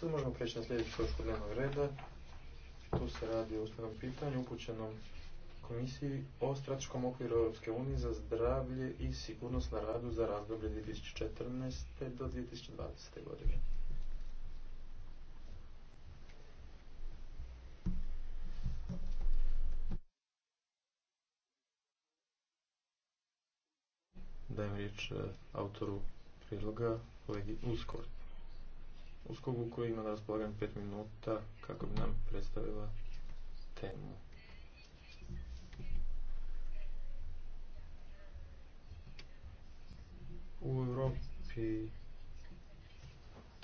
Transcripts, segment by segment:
Sada možemo preći na sljedeću točku dnevnog reda. Tu se radi o usmenom pitanju upućenom komisiji o strateškom okviru Europske unije za zdravlje i sigurnost na radu za razdoblje 2014. do 2020. godine. Dajem riječ e, autoru prijedloga kolegi Uskort. Uskogu koji ima na raspolaganju 5 minuta kako bi nam predstavila temu. U Europi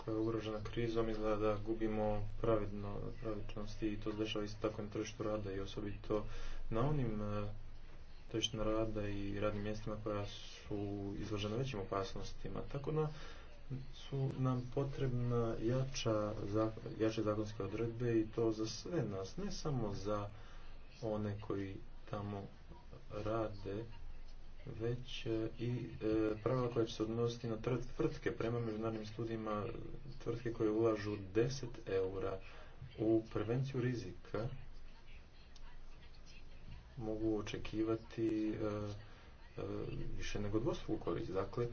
koja je ugrožena krizom izgleda da gubimo pravedno, pravičnost i to se dešava isto tako na tržištu rada i osobito na onim e, tržištima rada i radnim mjestima koja su izložena većim opasnostima. Tako na su nam potrebna jača, jače zakonske odredbe i to za sve nas, ne samo za one koji tamo rade, već e, i e, pravila koja će se odnositi na tvrtke. Prema međunarodnim studijima tvrtke koje ulažu 10 eura u prevenciju rizika mogu očekivati e, više nego dvostruku korist. Dakle,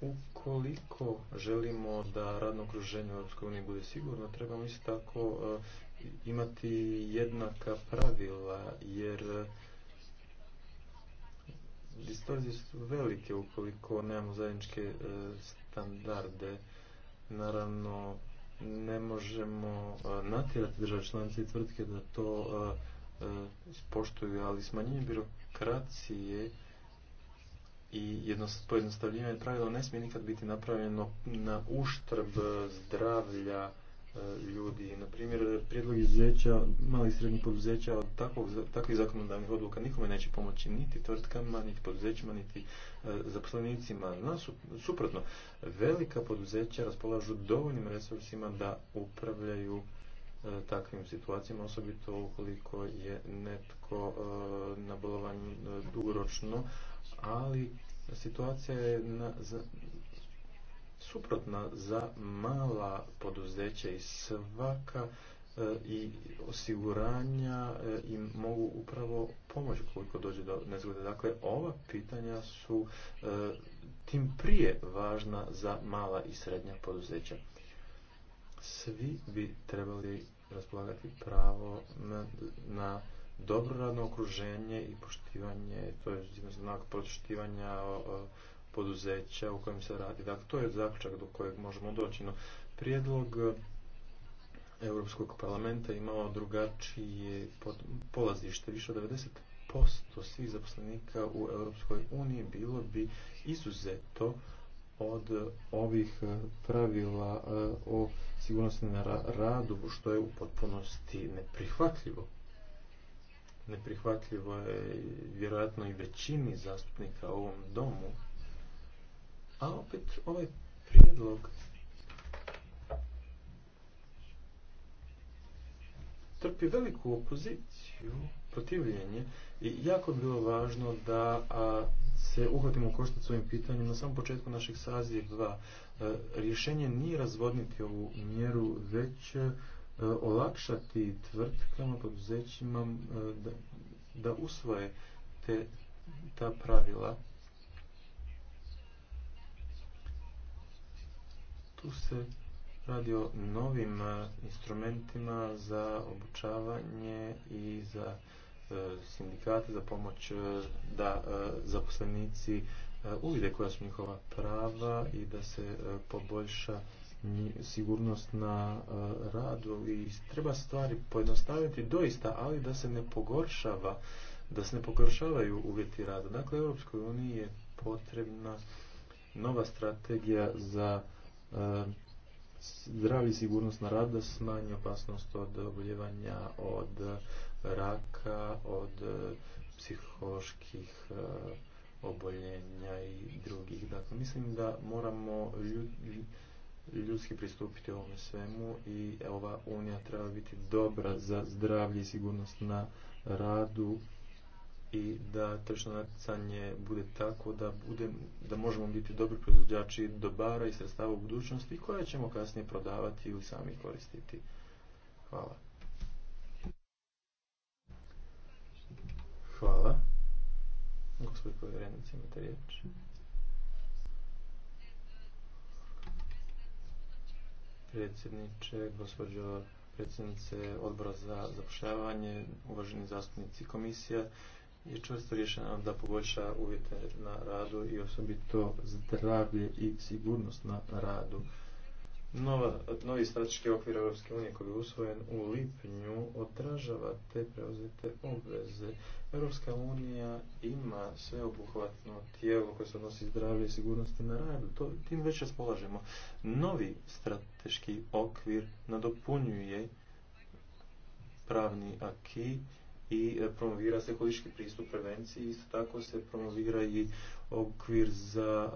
Ukoliko želimo da radno okruženje u EU bude sigurno, trebamo isto tako eh, imati jednaka pravila, jer eh, distorzije su velike ukoliko nemamo zajedničke eh, standarde. Naravno, ne možemo natjerati države članice i tvrtke da to spoštuju, ali smanjenje birokracije i pojednostavljivanje pravila ne smije nikad biti napravljeno na uštrb zdravlja e, ljudi. Na primjer, prijedlog izuzeća malih i srednjih poduzeća od takvog, takvih zakonodavnih odluka nikome neće pomoći niti tvrtkama, niti poduzećima, niti e, zaposlenicima. No, suprotno, velika poduzeća raspolažu dovoljnim resursima da upravljaju e, takvim situacijama, osobito ukoliko je netko e, na bolovanju dugoročno, ali situacija je na, za, suprotna za mala poduzeća i svaka e, i osiguranja e, im mogu upravo pomoći koliko dođe do nezgode. Dakle, ova pitanja su e, tim prije važna za mala i srednja poduzeća. Svi bi trebali raspolagati pravo na dobro radno okruženje i poštivanje, to je znak poštivanja poduzeća u kojem se radi. Dakle, to je zaključak do kojeg možemo doći. No, prijedlog e, Europskog parlamenta imao drugačije polazište. Više od 90% svih zaposlenika u Europskoj uniji bilo bi izuzeto od ovih e, pravila e, o sigurnosti na radu, što je u potpunosti neprihvatljivo neprihvatljivo je vjerojatno i većini zastupnika u ovom domu, a opet ovaj prijedlog trpi veliku opoziciju, protivljenje i jako bi bilo važno da se uhvatimo koštac s ovim pitanjem na samom početku našeg saziva. E, rješenje nije razvodniti ovu mjeru, već E, olakšati tvrtkama, poduzećima e, da, usvoje te, ta pravila. Tu se radi o novim e, instrumentima za obučavanje i za sindikate za pomoć da zaposlenici uvide koja su njihova prava i da se poboljša sigurnost na e, radu i treba stvari pojednostaviti doista, ali da se ne pogoršava, da se ne pogoršavaju uvjeti rada. Dakle, Europskoj uniji je potrebna nova strategija za e, zdravi sigurnost na radu da smanji opasnost od oboljevanja, od raka, od e, psiholoških oboljenja i drugih. Dakle, mislim da moramo ljudi ljudski pristupiti ovome svemu i ova unija treba biti dobra za zdravlje i sigurnost na radu i da tržno natjecanje bude tako da, bude, da možemo biti dobri proizvođači dobara i sredstava u budućnosti koje ćemo kasnije prodavati ili sami koristiti. Hvala. Hvala. Gospod povjerenic, imate riječ. predsjedniče, gospođo predsjednice odbora za zapošljavanje, uvaženi zastupnici komisija je čvrsto rješena da poboljša uvjete na radu i osobito zdravlje i sigurnost na radu novi strateški okvir Europske unije koji je usvojen u lipnju odražava te preuzete obveze. Europska unija ima sveobuhvatno tijelo koje se odnosi zdravlje i sigurnosti na radu. To, tim već raspolažemo. Novi strateški okvir nadopunjuje pravni aki i promovira se pristup prevenciji. Isto tako se promovira i okvir za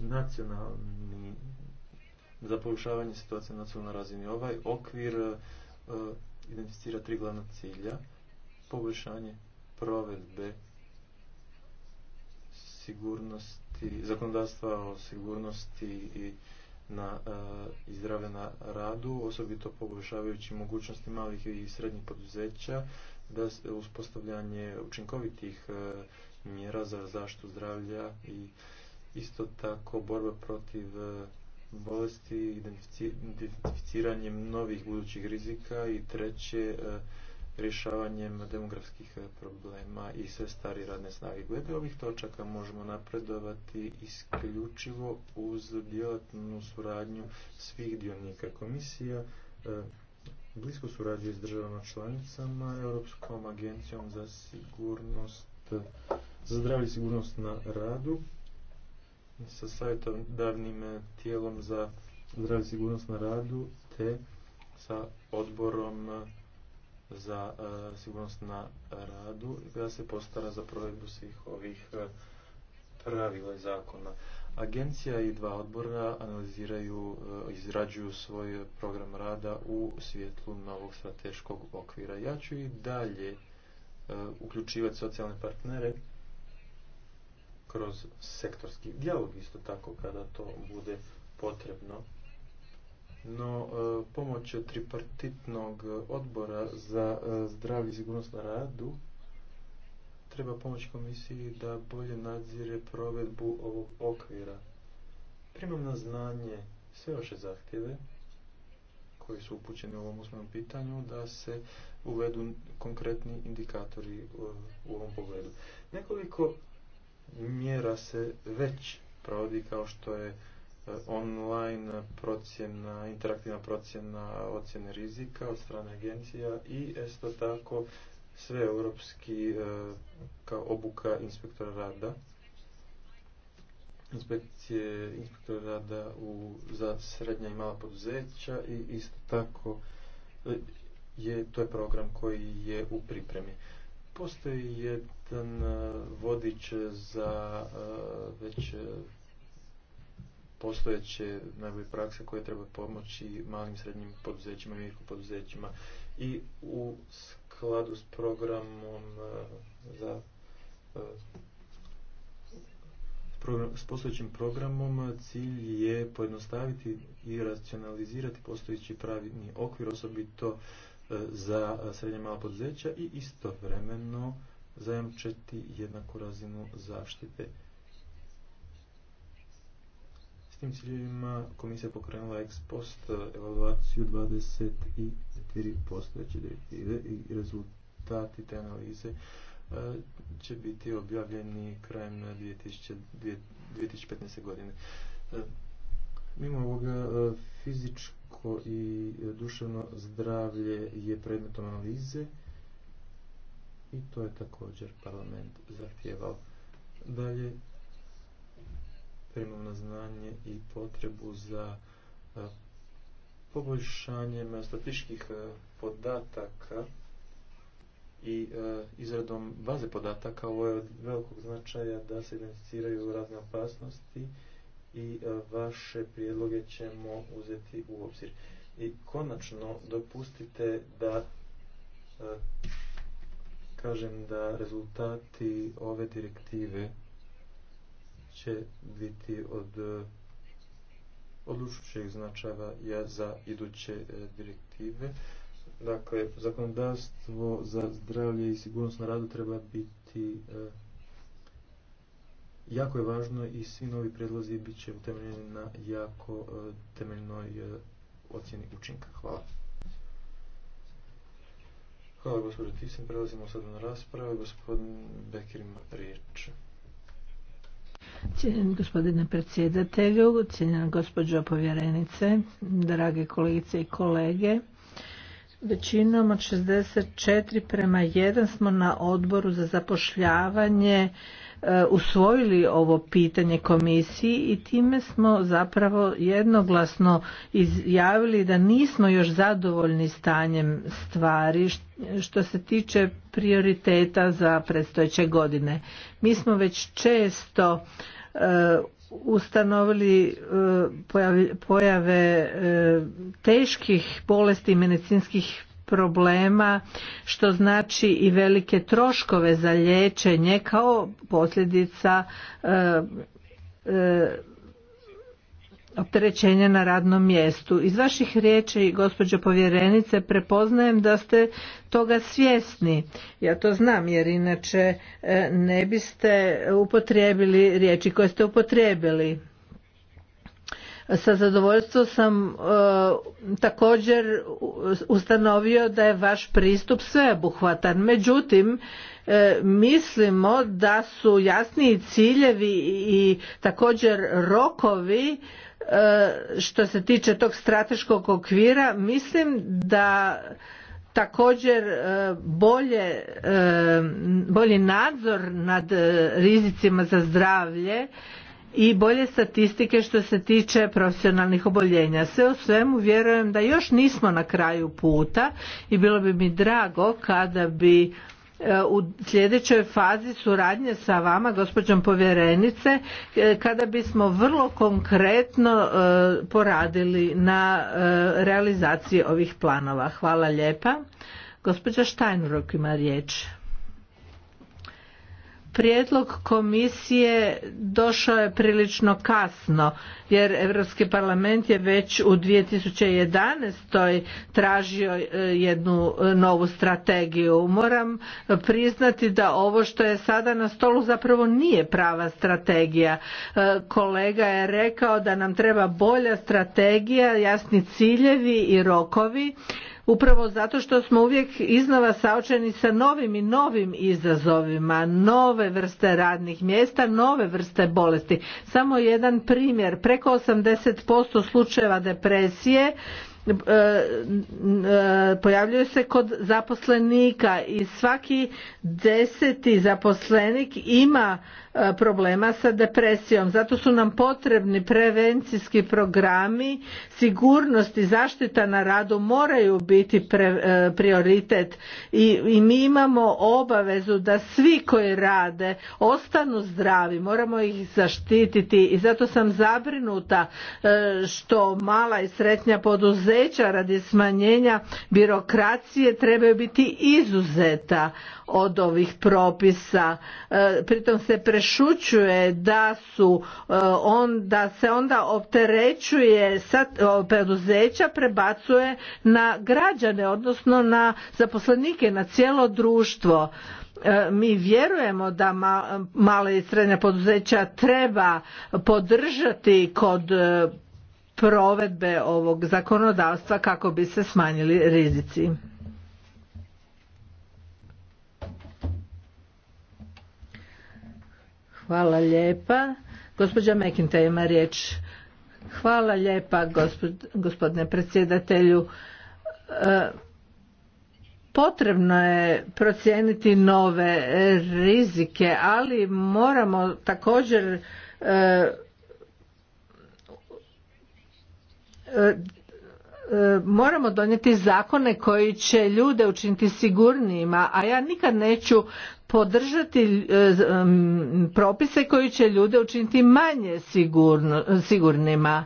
nacionalni za poboljšavanje situacije na nacionalnoj razini. Ovaj okvir e, identificira tri glavna cilja. Poboljšanje provedbe sigurnosti, zakonodavstva o sigurnosti i na e, na radu, osobito poboljšavajući mogućnosti malih i srednjih poduzeća da uspostavljanje učinkovitih e, mjera za zaštitu zdravlja i isto tako borba protiv bolesti, identificiranjem novih budućih rizika i treće eh, rješavanjem demografskih eh, problema i sve stari radne snage. Glede ovih točaka možemo napredovati isključivo uz djelatnu suradnju svih dionika. Komisija eh, blisko suradnju s državama članicama, Europskom agencijom za sigurnost, za zdravlje i sigurnost na radu, sa savjetodavnim eh, tijelom za zdravlje sigurnost na radu te sa odborom eh, za eh, sigurnost na radu da se postara za provedbu svih ovih pravila i zakona. Agencija i dva odbora analiziraju, izrađuju svoj program rada u svjetlu novog strateškog okvira. Ja ću i dalje uključivati socijalne partnere kroz sektorski dijalog isto tako kada to bude potrebno. No, e, pomoć tripartitnog odbora za e, zdravlje i sigurnost na radu treba pomoći komisiji da bolje nadzire provedbu ovog okvira. Primam na znanje sve vaše zahtjeve koji su upućeni u ovom usmenom pitanju da se uvedu konkretni indikatori e, u ovom pogledu. Nekoliko mjera se već provodi kao što je e, online procjena, interaktivna procjena ocjene rizika od strane agencija i isto tako sve europski e, kao obuka inspektora rada inspekcije inspektora rada u, za srednja i mala poduzeća i isto tako e, je, to je program koji je u pripremi. Postoji jedan e, vodič za e, već e, postojeće najbolje prakse koje treba pomoći malim srednjim poduzećima i poduzećima. i u skladu s programom za s postojećim programom cilj je pojednostaviti i racionalizirati postojeći pravidni okvir, osobito E, za srednje mala poduzeća i istovremeno zajamčiti jednaku razinu zaštite. S tim ciljevima komisija pokrenula ex post e, evaluaciju 23 postojeće direktive i rezultati te analize e, će biti objavljeni krajem 2015. godine. Mimo ovoga fizičko i duševno zdravlje je predmetom analize i to je također parlament zahtijevao. Dalje primamo na znanje i potrebu za poboljšanjem statističkih podataka i izradom baze podataka. Ovo je od velikog značaja da se identificiraju razne opasnosti i e, vaše prijedloge ćemo uzeti u obzir. I konačno dopustite da e, kažem da rezultati ove direktive će biti od e, odlučujućeg značaja za iduće direktive. Dakle, zakonodavstvo za zdravlje i sigurnost na radu treba biti jako je važno i svi novi predlozi bit će utemeljeni na jako e, temeljnoj e, ocjeni učinka. Hvala. Hvala gospođo Tisin. prelazimo sada na raspravu. Gospodin Bekir ima riječ. gospodine predsjedatelju, cijenjena gospođo povjerenice, drage kolegice i kolege, većinom od 64 prema 1 smo na odboru za zapošljavanje E, usvojili ovo pitanje komisiji i time smo zapravo jednoglasno izjavili da nismo još zadovoljni stanjem stvari što se tiče prioriteta za predstojeće godine. Mi smo već često e, ustanovili e, pojave teških bolesti i medicinskih problema što znači i velike troškove za liječenje kao posljedica e, e, opterećenja na radnom mjestu. Iz vaših riječi, gospođo povjerenice, prepoznajem da ste toga svjesni. Ja to znam jer inače e, ne biste upotrijebili riječi koje ste upotrijebili. Sa zadovoljstvom sam e, također ustanovio da je vaš pristup sveobuhvatan. Međutim, e, mislimo da su jasniji ciljevi i također rokovi e, što se tiče tog strateškog okvira, mislim da također bolje, bolji nadzor nad rizicima za zdravlje i bolje statistike što se tiče profesionalnih oboljenja. Sve u svemu vjerujem da još nismo na kraju puta i bilo bi mi drago kada bi e, u sljedećoj fazi suradnje sa vama gospođom povjerenice e, kada bismo vrlo konkretno e, poradili na realizaciji ovih planova. Hvala lijepa. Gospođa Steinruck ima riječ prijedlog komisije došao je prilično kasno jer Europski parlament je već u 2011. tražio e, jednu e, novu strategiju. Moram priznati da ovo što je sada na stolu zapravo nije prava strategija. E, kolega je rekao da nam treba bolja strategija, jasni ciljevi i rokovi upravo zato što smo uvijek iznova saočeni sa novim i novim izazovima, nove vrste radnih mjesta, nove vrste bolesti. Samo jedan primjer, preko 80% slučajeva depresije e, e, pojavljuje se kod zaposlenika i svaki deseti zaposlenik ima E, problema sa depresijom. Zato su nam potrebni prevencijski programi, sigurnost i zaštita na radu moraju biti e, prioritet I, i mi imamo obavezu da svi koji rade ostanu zdravi, moramo ih zaštititi i zato sam zabrinuta e, što mala i sretnja poduzeća radi smanjenja birokracije trebaju biti izuzeta od ovih propisa. E, pritom se prešućuje da su e, onda se onda opterećuje sa e, poduzeća prebacuje na građane odnosno na zaposlenike na cijelo društvo mi vjerujemo da male i srednja poduzeća treba podržati kod provedbe ovog zakonodavstva kako bi se smanjili rizici. Hvala lijepa. Gospođa Mekinta ima riječ. Hvala lijepa gospodine predsjedatelju. E, potrebno je procijeniti nove rizike, ali moramo također e, e, moramo donijeti zakone koji će ljude učiniti sigurnijima, a ja nikad neću podržati e, propise koji će ljude učiniti manje sigurnima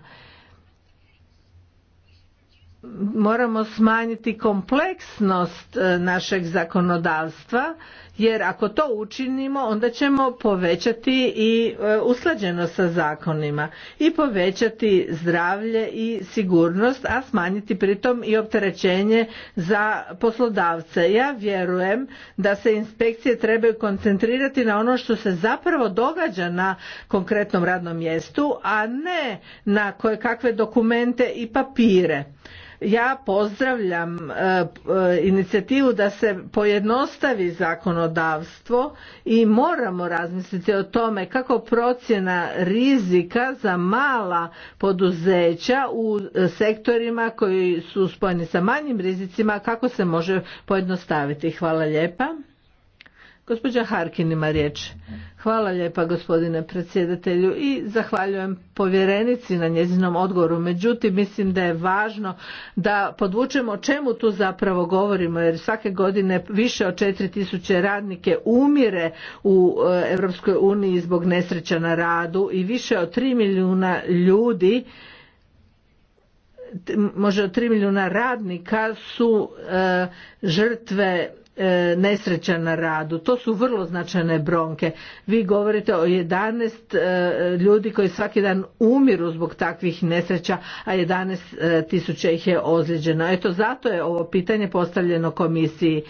moramo smanjiti kompleksnost e, našeg zakonodavstva jer ako to učinimo onda ćemo povećati i e, usklađenost sa zakonima i povećati zdravlje i sigurnost, a smanjiti pritom i opterećenje za poslodavce. Ja vjerujem da se inspekcije trebaju koncentrirati na ono što se zapravo događa na konkretnom radnom mjestu, a ne na koje kakve dokumente i papire ja pozdravljam e, e, inicijativu da se pojednostavi zakonodavstvo i moramo razmisliti o tome kako procjena rizika za mala poduzeća u e, sektorima koji su spojeni sa manjim rizicima kako se može pojednostaviti. Hvala lijepa. Gospođa Harkin ima riječ. Hvala lijepa gospodine predsjedatelju i zahvaljujem povjerenici na njezinom odgovoru. Međutim, mislim da je važno da podvučemo o čemu tu zapravo govorimo jer svake godine više od 4000 radnike umire u Europskoj eh, uniji zbog nesreća na radu i više od 3 milijuna ljudi može od tri milijuna radnika su eh, žrtve E, nesreća na radu. To su vrlo značajne bronke. Vi govorite o 11 e, ljudi koji svaki dan umiru zbog takvih nesreća, a 11 e, tisuća ih je ozlijeđeno. Eto zato je ovo pitanje postavljeno komisiji.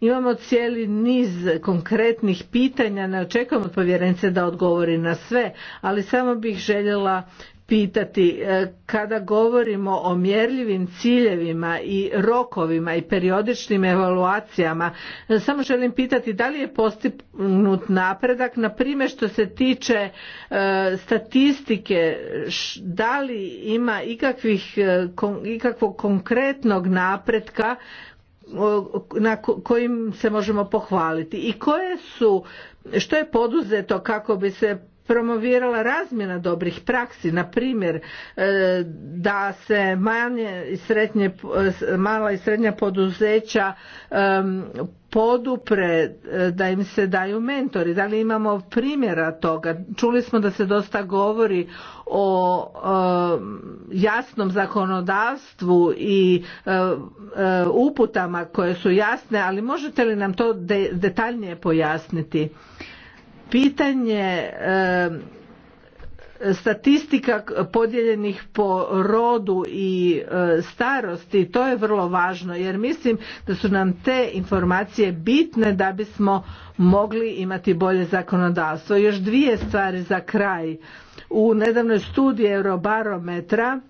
Imamo cijeli niz konkretnih pitanja, ne očekujemo od povjerenice da odgovori na sve, ali samo bih željela pitati e, kada govorimo o mjerljivim ciljevima i rokovima i periodičnim evaluacijama e, samo želim pitati da li je postignut napredak na primjer što se tiče e, statistike da li ima ikakvih, ikakvog konkretnog napretka na kojim se možemo pohvaliti i koje su što je poduzeto kako bi se promovirala razmjena dobrih praksi, na primjer e, da se i e, mala i srednja poduzeća e, podupre, da im se daju mentori. Da li imamo primjera toga? Čuli smo da se dosta govori o jasnom zakonodavstvu i uputama koje su jasne, ali možete li nam to detaljnije pojasniti? pitanje statistika podijeljenih po rodu i starosti to je vrlo važno jer mislim da su nam te informacije bitne da bismo mogli imati bolje zakonodavstvo još dvije stvari za kraj u nedavnoj studiji eurobarometra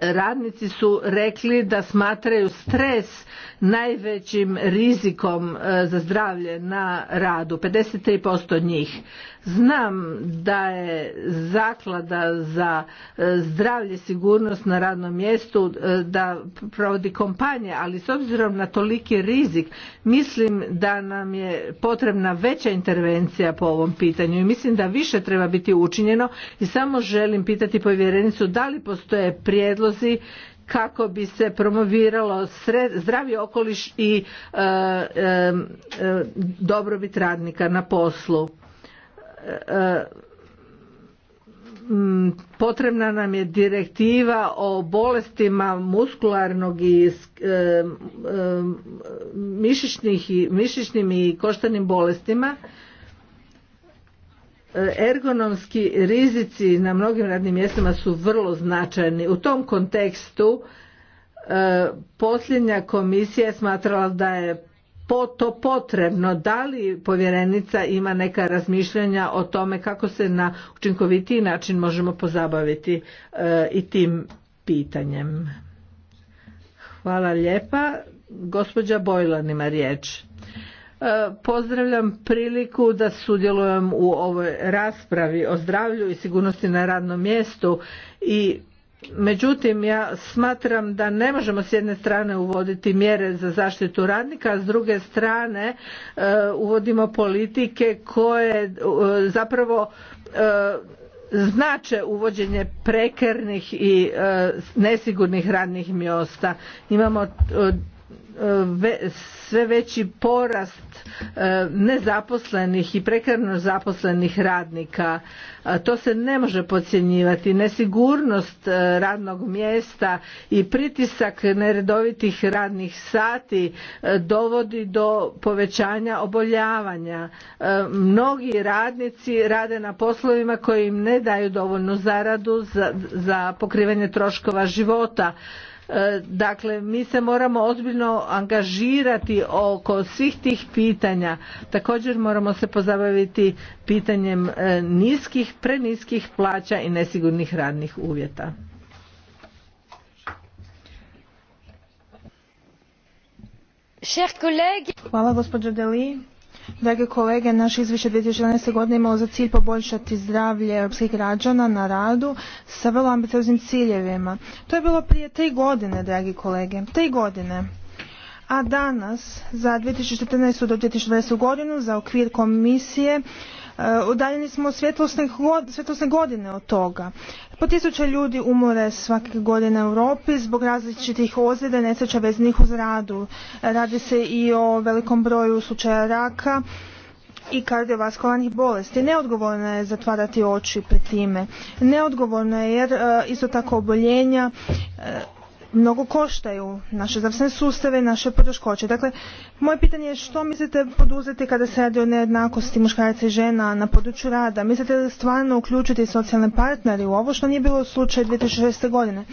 radnici su rekli da smatraju stres najvećim rizikom e, za zdravlje na radu 53% njih Znam da je zaklada za e, zdravlje, sigurnost na radnom mjestu e, da provodi kompanje, ali s obzirom na toliki rizik mislim da nam je potrebna veća intervencija po ovom pitanju i mislim da više treba biti učinjeno i samo želim pitati povjerenicu da li postoje prijedlozi kako bi se promoviralo zdravi okoliš i e, dobrobit radnika na poslu. E, e, potrebna nam je direktiva o bolestima muskularnog i e, mišićnim i koštanim bolestima ergonomski rizici na mnogim radnim mjestima su vrlo značajni u tom kontekstu posljednja komisija je smatrala da je to potrebno? Da li povjerenica ima neka razmišljanja o tome kako se na učinkovitiji način možemo pozabaviti e, i tim pitanjem? Hvala lijepa. Gospođa Bojlan ima riječ. E, pozdravljam priliku da sudjelujem u ovoj raspravi o zdravlju i sigurnosti na radnom mjestu i Međutim, ja smatram da ne možemo s jedne strane uvoditi mjere za zaštitu radnika, a s druge strane e, uvodimo politike koje e, zapravo e, znače uvođenje prekernih i nesigurnih radnih mjesta. Imamo sve veći porast e, nezaposlenih i prekarno zaposlenih radnika. E, to se ne može podcjenjivati. Nesigurnost e, radnog mjesta i pritisak neredovitih radnih sati dovodi do povećanja oboljavanja. Mnogi radnici rade na poslovima koji im ne daju dovoljnu zaradu za pokrivanje troškova života E, dakle, mi se moramo ozbiljno angažirati oko svih tih pitanja. Također moramo se pozabaviti pitanjem e, niskih, preniskih plaća i nesigurnih radnih uvjeta. Hvala gospođo Deli. Drage kolege, naš izvješće 2011. godine imalo za cilj poboljšati zdravlje europskih građana na radu sa vrlo ambicioznim ciljevima. To je bilo prije tri godine, dragi kolege. Tri godine. A danas, za 2014. do 2020. godinu, za okvir komisije, Eh, udaljeni smo svjetlosne godine od toga. Po tisuće ljudi umore svake godine u Europi zbog različitih ozljeda i nesreća vezanih uz radu. Radi se i o velikom broju slučaja raka i kardiovaskularnih bolesti. Neodgovorno je zatvarati oči pred time. Neodgovorno je jer eh, isto tako oboljenja eh, mnogo koštaju naše zdravstvene sustave, naše poteškoće. Dakle, moje pitanje je što mislite poduzeti kada se radi o nejednakosti muškaraca i žena na području rada? Mislite li stvarno uključiti socijalne partnere u ovo što nije bilo slučaj 2006. godine?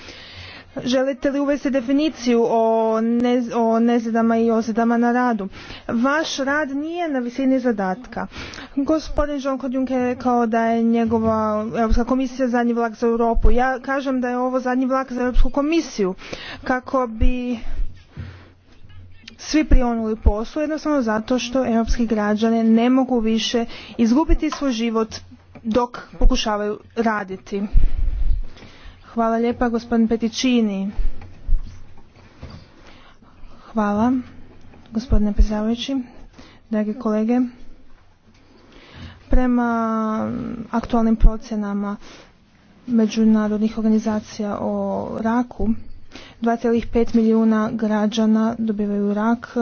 Želite li uvesti definiciju o, nezidama i ozidama na radu? Vaš rad nije na visini zadatka. Gospodin Jean-Claude Juncker je rekao da je njegova Europska komisija zadnji vlak za Europu. Ja kažem da je ovo zadnji vlak za Europsku komisiju kako bi svi prionuli poslu jednostavno zato što europski građani ne mogu više izgubiti svoj život dok pokušavaju raditi. Hvala lijepa gospodin Peticini. Hvala gospodine predsjedavajući, dragi kolege. Prema aktualnim procjenama međunarodnih organizacija o raku, 2,5 milijuna građana dobivaju rak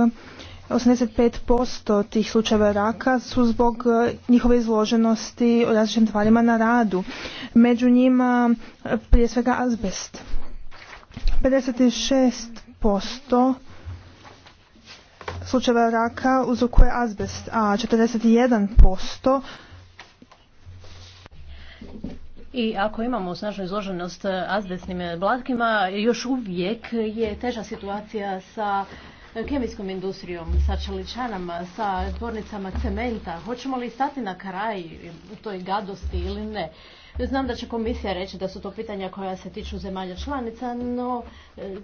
85% tih slučajeva raka su zbog e, njihove izloženosti o različitim tvarima na radu. Među njima e, prije svega azbest. 56% slučajeva raka uzrokuje azbest, a 41% i ako imamo snažnu izloženost e, azbestnim blatkima, još uvijek je teža situacija sa kemijskom industrijom, sa čeličanama, sa tvornicama cementa. Hoćemo li stati na kraj toj gadosti ili ne? Znam da će komisija reći da su to pitanja koja se tiču zemalja članica, no e,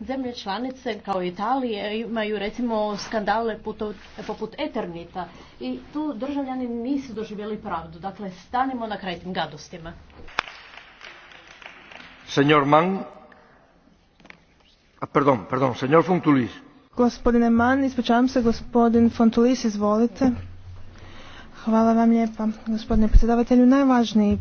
zemlje članice kao Italije imaju recimo skandale poput Eternita i tu državljani nisu doživjeli pravdu. Dakle, stanimo na kraj tim gadostima. Senjor Mann, a, Gospodine Mann, ispričavam se, gospodin Fontulis, izvolite. Hvala vam lijepa, gospodine predsjedavatelju. Najvažniji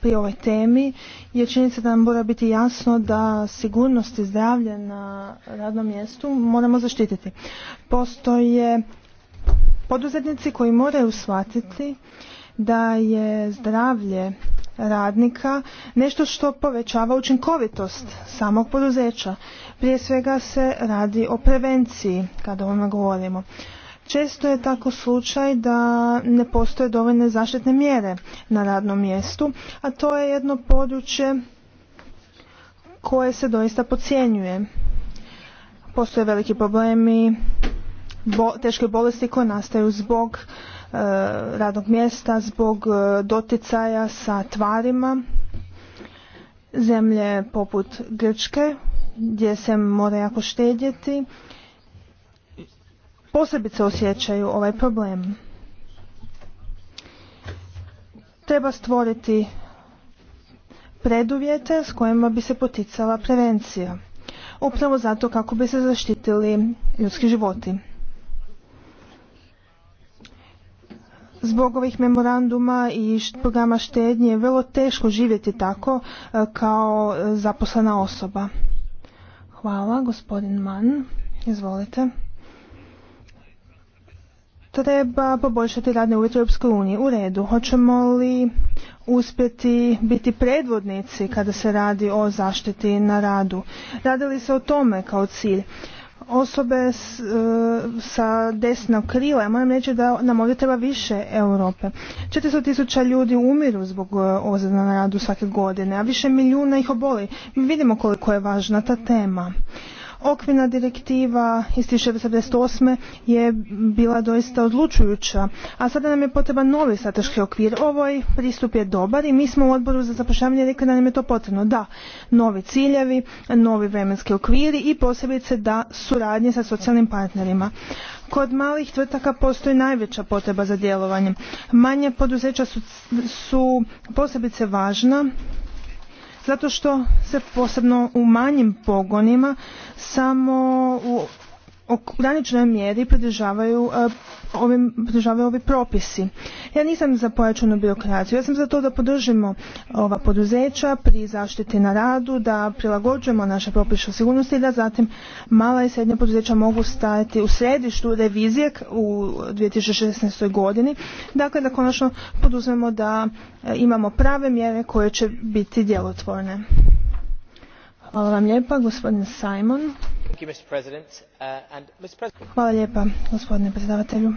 pri ovoj temi je činjenica da nam mora biti jasno da sigurnost i zdravlje na radnom mjestu moramo zaštititi. Postoje poduzetnici koji moraju shvatiti da je zdravlje radnika nešto što povećava učinkovitost samog poduzeća prije svega se radi o prevenciji kada o ovome govorimo. Često je tako slučaj da ne postoje dovoljne zaštitne mjere na radnom mjestu, a to je jedno područje koje se doista pocijenjuje. Postoje veliki problemi, teške bolesti koje nastaju zbog e, radnog mjesta, zbog e, doticaja sa tvarima. Zemlje poput Grčke gdje se mora jako štedjeti, posebice osjećaju ovaj problem. Treba stvoriti preduvjete s kojima bi se poticala prevencija. Upravo zato kako bi se zaštitili ljudski životi. Zbog ovih memoranduma i programa štednje je vrlo teško živjeti tako e, kao e, zaposlena osoba. Hvala, gospodin Mann. Izvolite. Treba poboljšati radne uvjete u Europskoj uniji. U redu. Hoćemo li uspjeti biti predvodnici kada se radi o zaštiti na radu? Radili se o tome kao cilj osobe e, sa desnog krila. Ja moram reći da nam ovdje treba više Europe. 400 tisuća ljudi umiru zbog e, ozljeda na radu svake godine, a više milijuna ih oboli. Mi vidimo koliko je važna ta tema. Okvirna direktiva iz osam je bila doista odlučujuća, a sada nam je potreban novi strateški okvir. Ovoj pristup je dobar i mi smo u odboru za zapošljavanje rekli da nam je to potrebno. Da, novi ciljevi, novi vremenski okviri i posebice da suradnje sa socijalnim partnerima. Kod malih tvrtaka postoji najveća potreba za djelovanjem. Manje poduzeća su posebice važna zato što se posebno u manjim pogonima samo u ograničenoj mjeri pridržavaju e, ovim, ovi propisi. Ja nisam za pojačanu birokraciju, ja sam za to da podržimo ova poduzeća pri zaštiti na radu, da prilagođujemo naše propise o sigurnosti i da zatim mala i srednja poduzeća mogu stajati u središtu revizije u 2016. godini. Dakle, da konačno poduzmemo da e, imamo prave mjere koje će biti djelotvorne. Hvala lijepa, uh, Hvala lijepa, gospodine predsjedavatelju.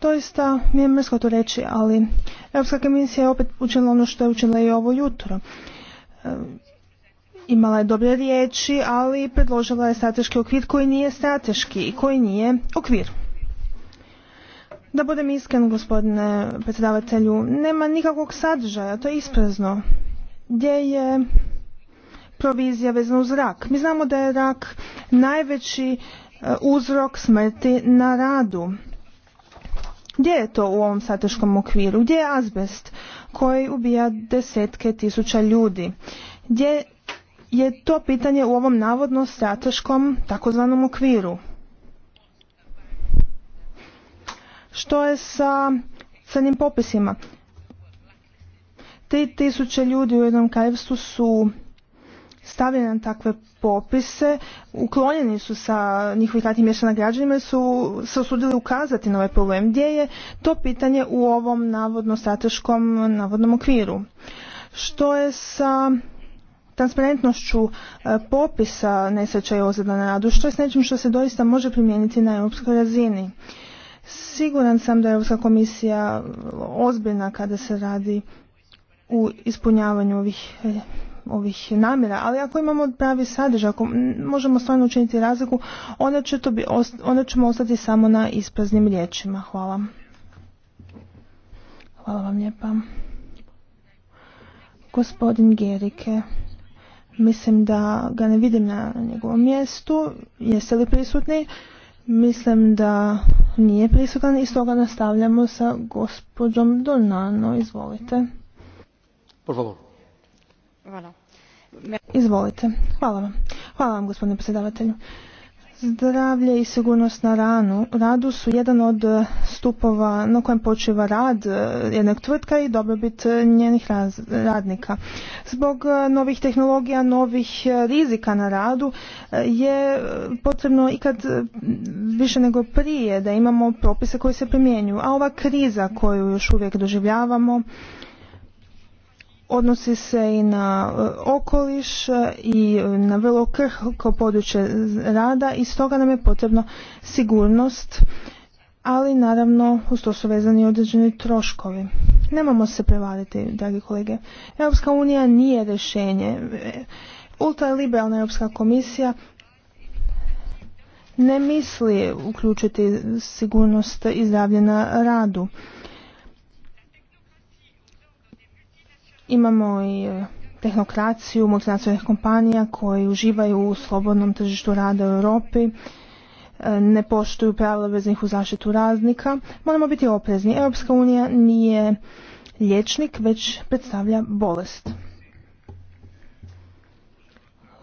Doista mi je mrsko to reći, ali Europska komisija je opet učinila ono što je učinila i ovo jutro. E, imala je dobre riječi, ali predložila je strateški okvir koji nije strateški i koji nije okvir. Da budem iskren, gospodine predsjedavatelju, nema nikakvog sadržaja, to je isprazno, gdje je provizija vezna uz rak. Mi znamo da je rak najveći e, uzrok smrti na radu. Gdje je to u ovom strateškom okviru? Gdje je azbest koji ubija desetke tisuća ljudi? Gdje je to pitanje u ovom navodno strateškom takozvanom okviru? Što je sa crnim popisima? tisuće ljudi u jednom kraljevstvu su stavljene na takve popise, uklonjeni su sa njihovih ratnih mješana na građanima su se osudili ukazati na ovaj problem gdje je to pitanje u ovom navodno strateškom navodnom okviru. Što je sa transparentnošću e, popisa nesreća i ozljeda na radu, što je s nečim što se doista može primijeniti na europskoj razini. Siguran sam da je Europska komisija ozbiljna kada se radi u ispunjavanju ovih e, ovih namjera, ali ako imamo pravi sadržaj, ako možemo stvarno učiniti razliku, onda, će to bi, onda ćemo ostati samo na ispraznim riječima. Hvala. Hvala vam lijepa. Gospodin Gerike. Mislim da ga ne vidim na njegovom mjestu. Jeste li prisutni? Mislim da nije prisutan i stoga nastavljamo sa gospođom Donano. Izvolite. Por Hvala vam. gospodine predsjedavatelju. Zdravlje i sigurnost na radu su jedan od e, stupova na kojem počiva rad e, jednog tvrtka i dobrobit e, njenih radnika. Zbog novih tehnologija, novih rizika na radu je potrebno ikad više nego prije da imamo propise koji se primjenjuju. A ova kriza koju još uvijek doživljavamo odnosi se i na e, okoliš e, i e, na vrlo krhko područje rada i stoga nam je potrebno sigurnost, ali naravno uz to su vezani određeni troškovi. Nemamo se prevariti, dragi kolege. Europska unija nije rješenje. Ultraliberalna Europska komisija ne misli uključiti sigurnost i na radu. Imamo i e, tehnokraciju multinacionalnih kompanija koji uživaju u slobodnom tržištu rada u Europi e, ne poštuju pravila veznih u zaštitu radnika. Moramo biti oprezni. Europska unija nije liječnik, već predstavlja bolest.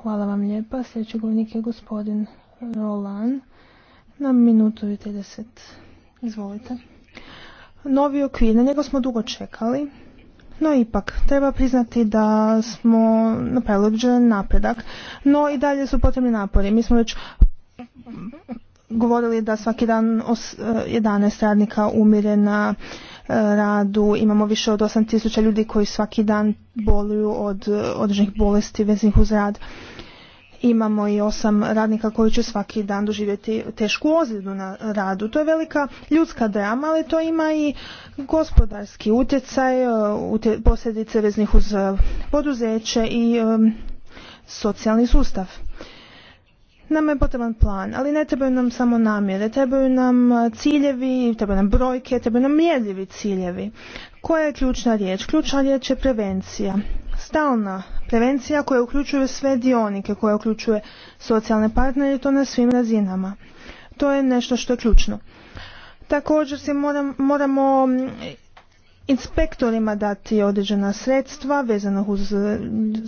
Hvala vam lijepa. Sljedeći govornik je gospodin Roland Na minutu i 30. Izvolite. Novi okvir, na njega smo dugo čekali. No ipak, treba priznati da smo napravili napredak, no i dalje su potrebni napori. Mi smo već govorili da svaki dan 11 eh, radnika umire na eh, radu, imamo više od 8000 ljudi koji svaki dan boluju od eh, određenih bolesti veznih uz rad imamo i osam radnika koji će svaki dan doživjeti tešku ozljedu na radu. To je velika ljudska drama, ali to ima i gospodarski utjecaj, e, posljedice veznih uz e, poduzeće i e, socijalni sustav. Nama je potreban plan, ali ne trebaju nam samo namjere, trebaju nam ciljevi, trebaju nam brojke, trebaju nam mjerljivi ciljevi. Koja je ključna riječ? Ključna riječ je prevencija. Stalna Prevencija koja uključuje sve dionike, koja uključuje socijalne partnere i to na svim razinama. To je nešto što je ključno. Također se moramo mm, inspektorima dati određena sredstva vezanog uz eh,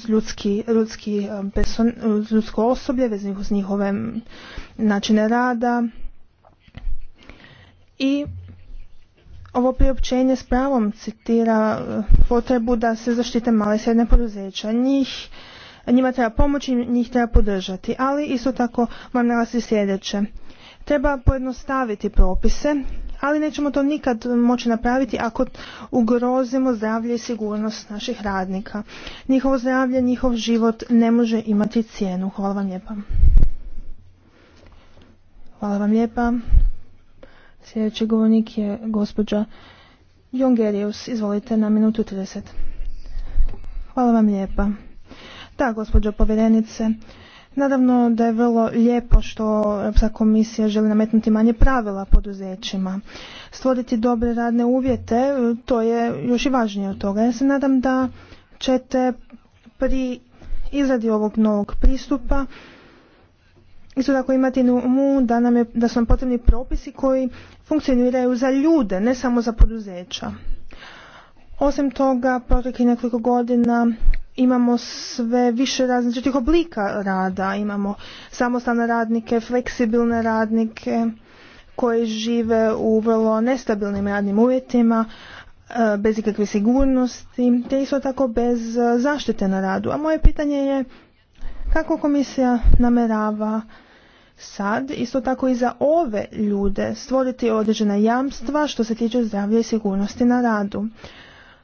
ljudski, eh, ljudsko osoblje, vezano uz njihove mm, načine rada i ovo priopćenje s pravom citira eh, potrebu da se zaštite male i srednje poduzeća. Njih, njima treba pomoći, njih treba podržati, ali isto tako vam naglasi sljedeće. Treba pojednostaviti propise, ali nećemo to nikad moći napraviti ako ugrozimo zdravlje i sigurnost naših radnika. Njihovo zdravlje, njihov život ne može imati cijenu. Hvala vam lijepa. Hvala vam lijepa. Sljedeći govornik je gospođa Jongerius. Izvolite na minutu 30. Hvala vam lijepa. Da, gospođo povjerenice, Nadavno da je vrlo lijepo što Europska komisija želi nametnuti manje pravila poduzećima. Stvoriti dobre radne uvjete, to je još i važnije od toga. Ja se nadam da ćete pri izradi ovog novog pristupa isto tako imati na umu da, nam je, da su nam potrebni propisi koji funkcioniraju za ljude, ne samo za poduzeća. Osim toga, proteklih nekoliko godina imamo sve više različitih oblika rada. Imamo samostalne radnike, fleksibilne radnike koji žive u vrlo nestabilnim radnim uvjetima, e, bez ikakve sigurnosti, te isto tako bez zaštite na radu. A moje pitanje je kako komisija namerava sad isto tako i za ove ljude stvoriti određena jamstva što se tiče zdravlja i sigurnosti na radu.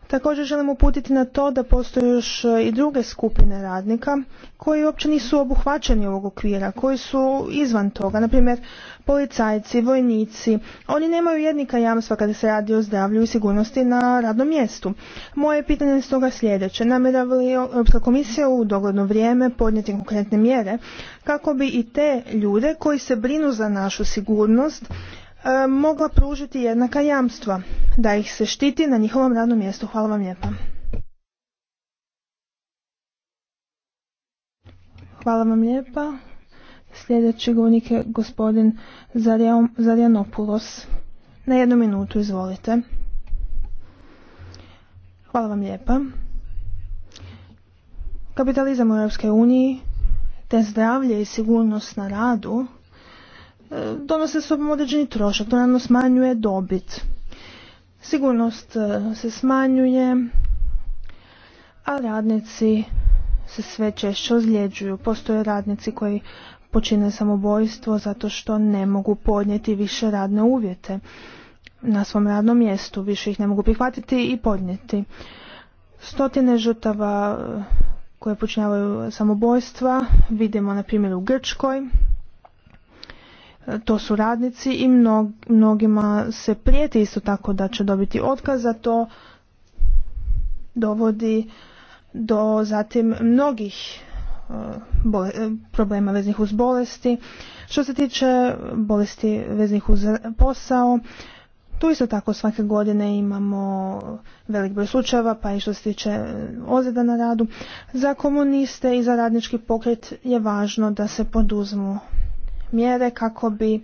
Također želim uputiti na to da postoje još e, i druge skupine radnika koji uopće nisu obuhvaćeni ovog okvira, koji su izvan toga, na primjer policajci, vojnici. Oni nemaju jednika jamstva kada se radi o zdravlju i sigurnosti na radnom mjestu. Moje pitanje je stoga sljedeće. Namjerava li Europska komisija u dogledno vrijeme podnijeti konkretne mjere kako bi i te ljude koji se brinu za našu sigurnost E, mogla pružiti jednaka jamstva, da ih se štiti na njihovom radnom mjestu. Hvala vam lijepa. Hvala vam lijepa. Sljedeći govornik je gospodin Zarijanopoulos. Na jednu minutu, izvolite. Hvala vam lijepa. Kapitalizam u Europskoj uniji te zdravlje i sigurnost na radu donose sobom određeni trošak, to naravno smanjuje dobit. Sigurnost e, se smanjuje, a radnici se sve češće ozljeđuju. Postoje radnici koji počine samobojstvo zato što ne mogu podnijeti više radne uvjete na svom radnom mjestu, više ih ne mogu prihvatiti i podnijeti. Stotine žrtava e, koje počinjavaju samobojstva vidimo na primjer u Grčkoj, to su radnici i mnogima se prijeti isto tako da će dobiti otkaz za to dovodi do zatim mnogih uh, uh, problema veznih uz bolesti. Što se tiče bolesti veznih uz posao, tu isto tako svake godine imamo velik broj slučajeva, pa i što se tiče ozljeda na radu. Za komuniste i za radnički pokret je važno da se poduzmu mjere kako bi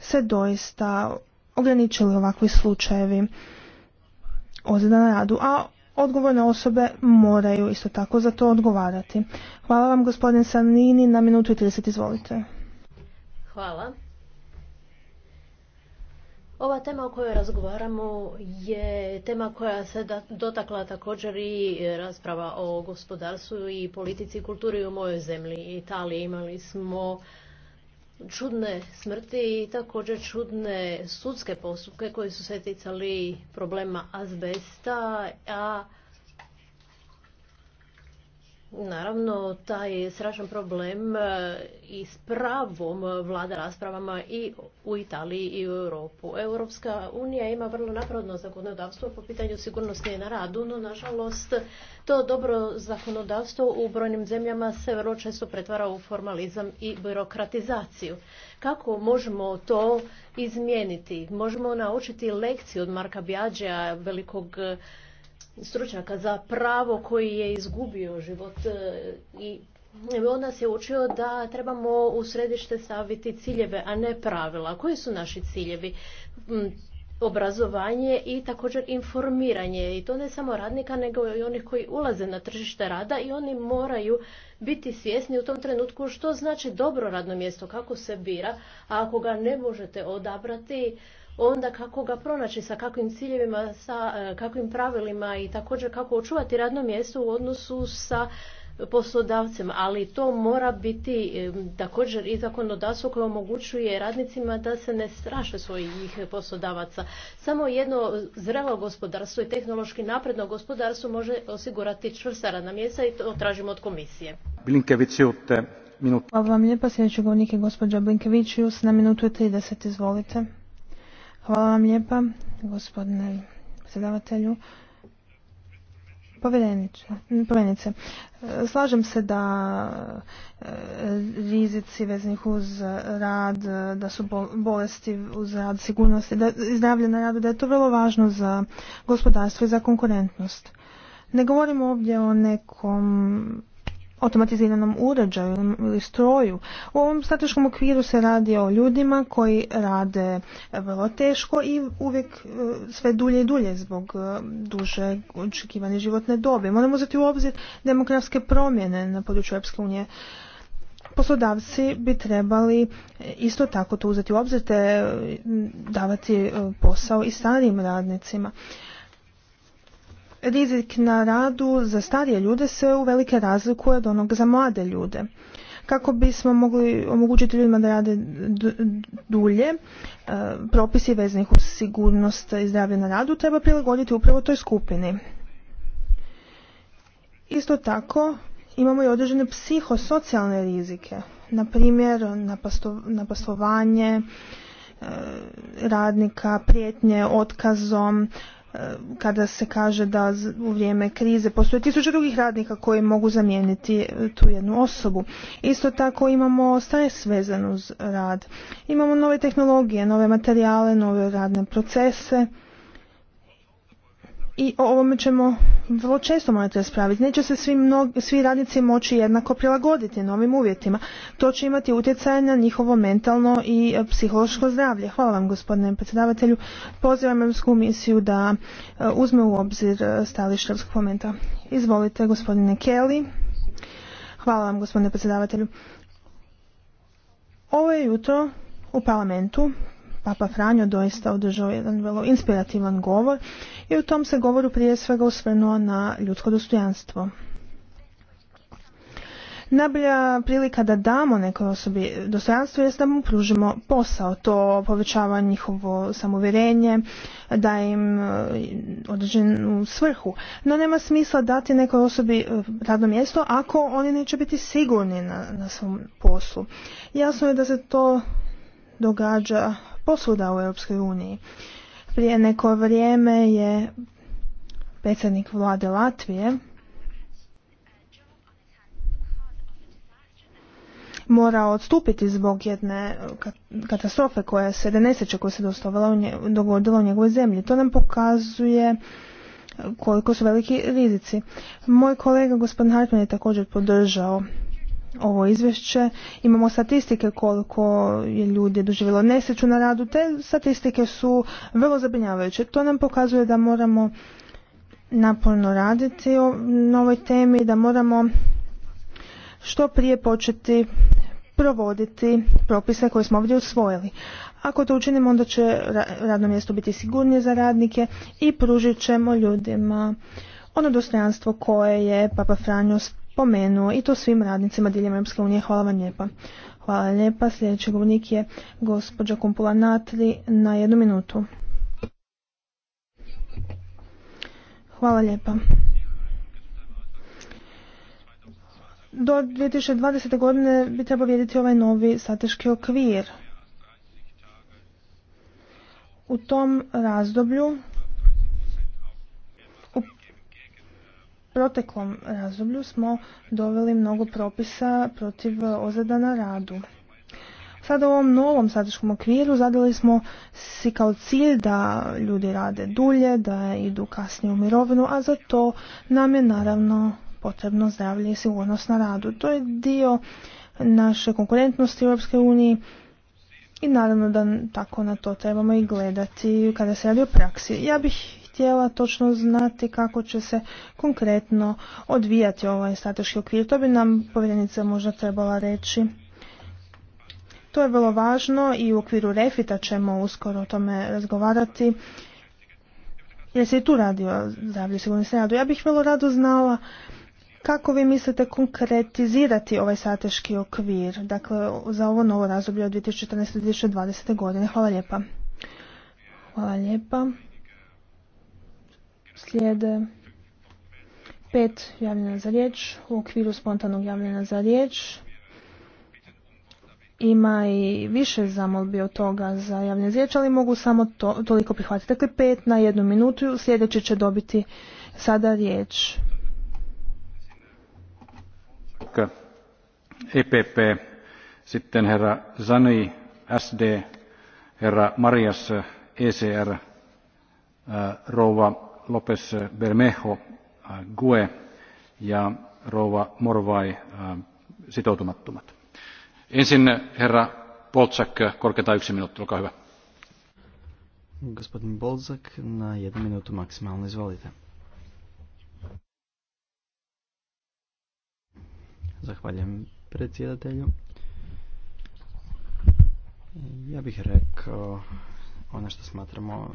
se doista ograničili ovakvi slučajevi ozljeda na radu, a odgovorne osobe moraju isto tako za to odgovarati. Hvala vam gospodin Sanini, na minutu i 30 izvolite. Hvala. Ova tema o kojoj razgovaramo je tema koja se dotakla također i rasprava o gospodarstvu i politici i kulturi u mojoj zemlji, Italiji. Imali smo čudne smrti i također čudne sudske postupke koji su se ticali problema azbesta, a Naravno, taj strašan problem e, i s pravom vlada raspravama i u Italiji i u Europu. Europska unija ima vrlo napredno zakonodavstvo po pitanju sigurnosti na radu, no nažalost to dobro zakonodavstvo u brojnim zemljama se vrlo često pretvara u formalizam i birokratizaciju. Kako možemo to izmijeniti? Možemo naučiti lekciju od Marka Bjađeja, velikog stručnjaka za pravo koji je izgubio život e, i on nas je učio da trebamo u središte staviti ciljeve, a ne pravila. Koji su naši ciljevi? Mm, obrazovanje i također informiranje i to ne samo radnika nego i onih koji ulaze na tržište rada i oni moraju biti svjesni u tom trenutku što znači dobro radno mjesto, kako se bira, a ako ga ne možete odabrati onda kako ga pronaći, sa kakvim ciljevima, sa e, kakvim pravilima i također kako očuvati radno mjesto u odnosu sa poslodavcem, ali to mora biti e, također i zakonodavstvo koje omogućuje radnicima da se ne straše svojih poslodavaca. Samo jedno zrelo gospodarstvo i tehnološki napredno gospodarstvo može osigurati čvrsta radna mjesta i to tražimo od komisije. Hvala vam lijepa, sljedeći govornik je gospođa Blinkević, na minutu 30, izvolite. Hvala vam lijepa, gospodine predsjedavatelju. Povjerenice, slažem se da e, rizici veznih uz rad, da su bolesti uz rad sigurnosti, da zdravlje na radu, da je to vrlo važno za gospodarstvo i za konkurentnost. Ne govorimo ovdje o nekom automatiziranom uređaju ili stroju. U ovom strateškom okviru se radi o ljudima koji rade vrlo teško i uvijek e, sve dulje i dulje zbog e, duže očekivane životne dobe. Moramo uzeti u obzir demografske promjene na području Europske unije. Poslodavci bi trebali e, isto tako to uzeti u obzir te davati posao i starijim radnicima rizik na radu za starije ljude se u velike razlikuje od onog za mlade ljude. Kako bismo mogli omogućiti ljudima da rade dulje, e, propisi veznih uz sigurnost i zdravlje na radu treba prilagoditi upravo toj skupini. Isto tako imamo i određene psihosocijalne rizike, na primjer napastovanje e, radnika, prijetnje otkazom, E, kada se kaže da u vrijeme krize postoje tisuće drugih radnika koji mogu zamijeniti e, tu jednu osobu. Isto tako imamo stres vezan uz rad. Imamo nove tehnologije, nove materijale, nove radne procese i o ovome ćemo vrlo često morati raspraviti. Neće se svi, svi radnici moći jednako prilagoditi novim uvjetima. To će imati utjecaj na njihovo mentalno i e, psihološko zdravlje. Hvala vam gospodine predsjedavatelju. Pozivam Europsku komisiju da e, uzme u obzir e, stalište Europskog Izvolite gospodine Kelly. Hvala vam gospodine predsjedavatelju. Ovo je jutro u parlamentu Papa Franjo doista održao jedan vrlo inspirativan govor i u tom se govoru prije svega osvrnuo na ljudsko dostojanstvo. Najbolja prilika da damo nekoj osobi dostojanstvo jest da mu pružimo posao. To povećava njihovo samovjerenje, da im e, određenu svrhu. No nema smisla dati nekoj osobi e, radno mjesto ako oni neće biti sigurni na, na svom poslu. Jasno je da se to događa posuda u Europskoj uniji. Prije neko vrijeme je predsjednik vlade Latvije mora odstupiti zbog jedne katastrofe koja se, da koja se dogodila u njegovoj zemlji. To nam pokazuje koliko su veliki rizici. Moj kolega gospodin Hartman je također podržao ovo izvješće. Imamo statistike koliko je ljudi doživjelo nesreću na radu. Te statistike su vrlo zabrinjavajuće. To nam pokazuje da moramo naporno raditi o novoj temi, da moramo što prije početi provoditi propise koje smo ovdje usvojili. Ako to učinimo, onda će radno mjesto biti sigurnije za radnike i pružit ćemo ljudima ono dostojanstvo koje je Papa Franjo spomenuo i to svim radnicima diljem Europske unije. Hvala vam lijepa. Hvala lijepa. Sljedeći govornik je gospođa Kumpula Natri na jednu minutu. Hvala lijepa. Do 2020. godine bi trebao vidjeti ovaj novi strateški okvir. U tom razdoblju proteklom razdoblju smo doveli mnogo propisa protiv e, ozljeda na radu. Sada u ovom novom strateškom okviru zadali smo si kao cilj da ljudi rade dulje, da idu kasnije u mirovinu, a za to nam je naravno potrebno zdravlje i sigurnost na radu. To je dio naše konkurentnosti u Europskoj uniji i naravno da tako na to trebamo i gledati kada se radi o praksi. Ja bih htjela točno znati kako će se konkretno odvijati ovaj strateški okvir. To bi nam povjerenica možda trebala reći. To je vrlo važno i u okviru refita ćemo uskoro o tome razgovarati. Jer se i tu radi o zdravlju sigurnosti radu. Ja bih vrlo rado znala kako vi mislite konkretizirati ovaj strateški okvir, dakle za ovo novo razdoblje od 2014-2020. godine. Hvala lijepa. Hvala lijepa. Slijede pet javljena za riječ u okviru spontanog javljena za riječ. Ima i više zamolbi od toga za javljanje za riječ, ali mogu samo to, toliko prihvatiti. Dakle, pet na jednu minutu. Sljedeći će dobiti sada riječ. EPP, sitten herra Zani, SD, herra Marias, ECR, rova lópez eh, bermejo eh, gue ja rouva morvai eh, sitoutumattomat. ensin herra polk korkeintaan yksi minuutti olkaa hyvä. Gospodin Bolzak, na jednu minutu maksimalno izvolite. Zahvaljujem predsjedatelju. Ja bih rekao ono što smatramo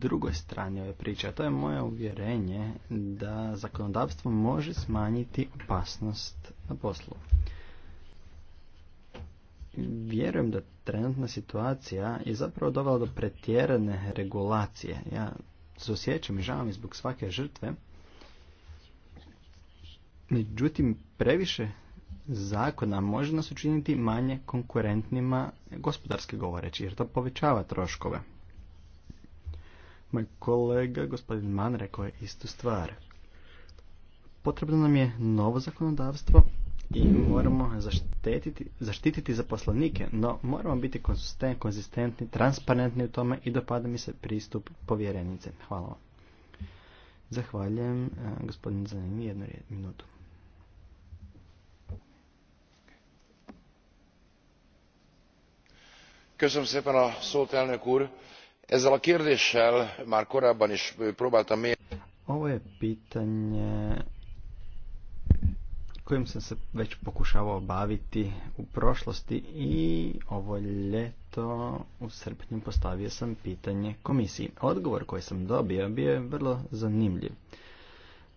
drugoj strani ove priče, a to je moje uvjerenje da zakonodavstvo može smanjiti opasnost na poslu. Vjerujem da trenutna situacija je zapravo dovela do pretjerane regulacije. Ja se osjećam i žao mi zbog svake žrtve. Međutim, previše zakona može nas učiniti manje konkurentnima gospodarski govoreći, jer to povećava troškove. Moj kolega, gospodin Man, rekao je istu stvar. Potrebno nam je novo zakonodavstvo i moramo zaštititi zaposlenike, no moramo biti konzistentni, transparentni u tome i dopada mi se pristup povjerenice. Hvala vam. Zahvaljujem, eh, gospodin Zanini, jednu minutu. ezzel a kérdéssel már korábban is próbáltam Ovo je pitanje kojim sam se već pokušavao baviti u prošlosti i ovo ljeto u srpnju postavio sam pitanje komisiji. Odgovor koji sam dobio bio je vrlo zanimljiv.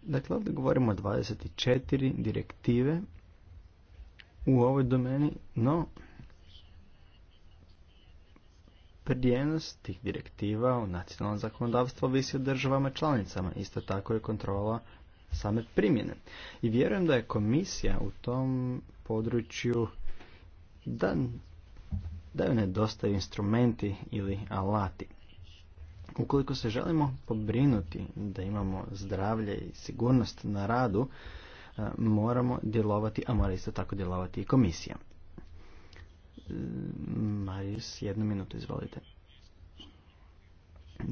Dakle, ovdje govorimo o 24 direktive u ovoj domeni, no Prijenos tih direktiva u nacionalnom zakonodavstvo visi o državama članicama, isto tako je kontrola same primjene. I vjerujem da je komisija u tom području da, da joj nedostaju instrumenti ili alati. Ukoliko se želimo pobrinuti da imamo zdravlje i sigurnost na radu, e, moramo djelovati, a mora isto tako djelovati i komisija. Marijus, jednu minutu, izvolite.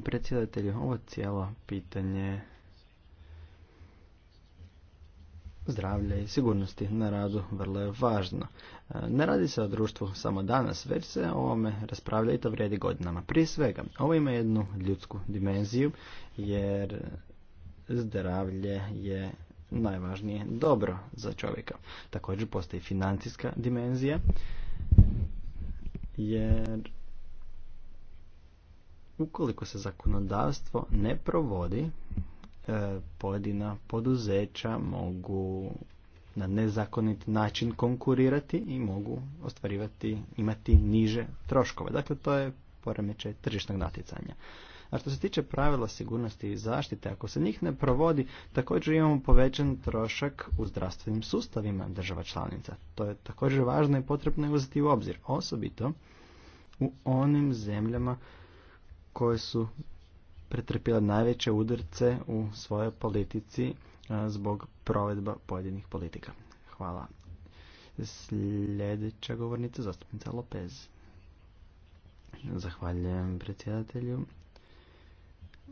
Predsjedatelju, ovo cijelo pitanje zdravlja i sigurnosti na radu vrlo je važno. E, ne radi se o društvu samo danas, već se o ovome raspravlja i to vrijedi godinama. Prije svega, ovo ima jednu ljudsku dimenziju, jer zdravlje je najvažnije dobro za čovjeka. Također postoji financijska dimenzija jer ukoliko se zakonodavstvo ne provodi, e, pojedina poduzeća mogu na nezakonit način konkurirati i mogu ostvarivati, imati niže troškove. Dakle, to je poremećaj tržišnog natjecanja. A što se tiče pravila sigurnosti i zaštite, ako se njih ne provodi, također imamo povećan trošak u zdravstvenim sustavima država članica. To je također važno i potrebno je uzeti u obzir, osobito u onim zemljama koje su pretrpile najveće udrce u svojoj politici zbog provedba pojedinih politika. Hvala. Sljedeća govornica, zastupnica Lopez. Zahvaljujem predsjedatelju